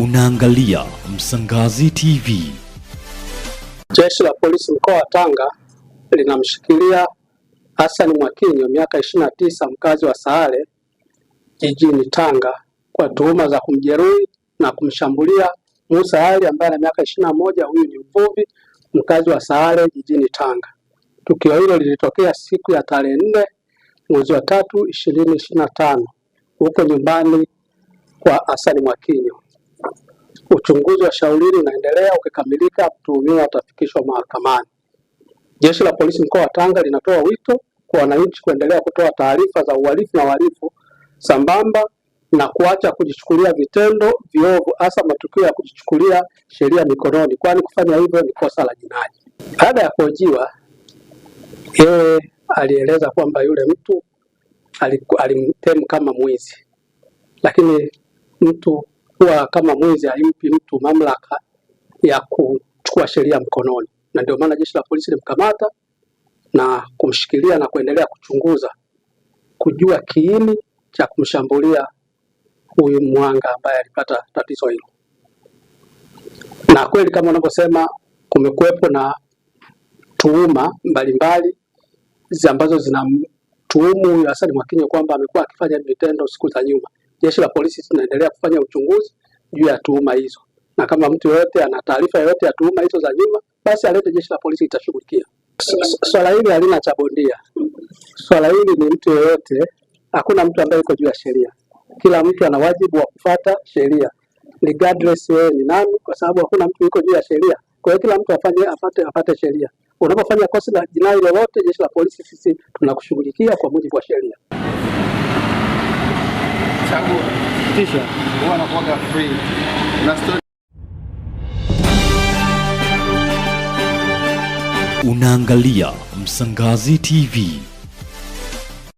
Unaangalia Msangazi TV. Jeshi la polisi mkoa wa Tanga linamshikilia Hassan Mwakinyo miaka 29 na tisa mkazi wa Sahare jijini Tanga kwa tuhuma za kumjeruhi na kumshambulia Musa Ali ambaye ana miaka 21, na moja. Huyu ni mvuvi mkazi wa Sahare jijini Tanga. Tukio hilo lilitokea siku ya tarehe nne mwezi wa tatu ishirini ishirini na tano huko nyumbani kwa Hassan Mwakinyo. Uchunguzi wa shauri hili unaendelea, ukikamilika mtuhumiwa atafikishwa mahakamani. Jeshi la Polisi mkoa wa Tanga linatoa wito kwa wananchi kuendelea kutoa taarifa za uhalifu na uhalifu sambamba na kuacha kujichukulia vitendo viovu, hasa matukio ya kujichukulia sheria mikononi, kwani kufanya hivyo ni kosa la jinai. Baada ya kuhojiwa, yeye alieleza kwamba yule mtu alimtemu kama mwizi, lakini mtu kuwa kama mwizi haimpi mtu mamlaka ya kuchukua sheria mkononi, na ndio maana jeshi la polisi limkamata na kumshikilia na kuendelea kuchunguza kujua kiini cha kumshambulia huyu Mwanga ambaye alipata tatizo hilo. Na kweli kama unavyosema, kumekuwepo na tuhuma mbalimbali ambazo zinamtuhumu huyu Hassan Mwakinyo kwamba amekuwa akifanya vitendo siku za nyuma, Jeshi la Polisi tunaendelea kufanya uchunguzi juu ya tuhuma hizo, na kama mtu yoyote ana taarifa yoyote ya tuhuma hizo za nyuma, basi alete, Jeshi la Polisi litashughulikia swala hili. Halina cha bondia, swala hili ni mtu yoyote, hakuna mtu ambaye yuko juu ya sheria. Kila mtu ana wajibu wa kufata sheria regardless yeye ni nani, kwa sababu hakuna mtu yuko juu ya sheria. Kwa hiyo kila mtu afanye afate, afate sheria. Unapofanya kosa la jinai lolote, jeshi la polisi sisi tunakushughulikia kwa mujibu wa sheria changu kisha huwa free na story. Unaangalia Msangazi TV.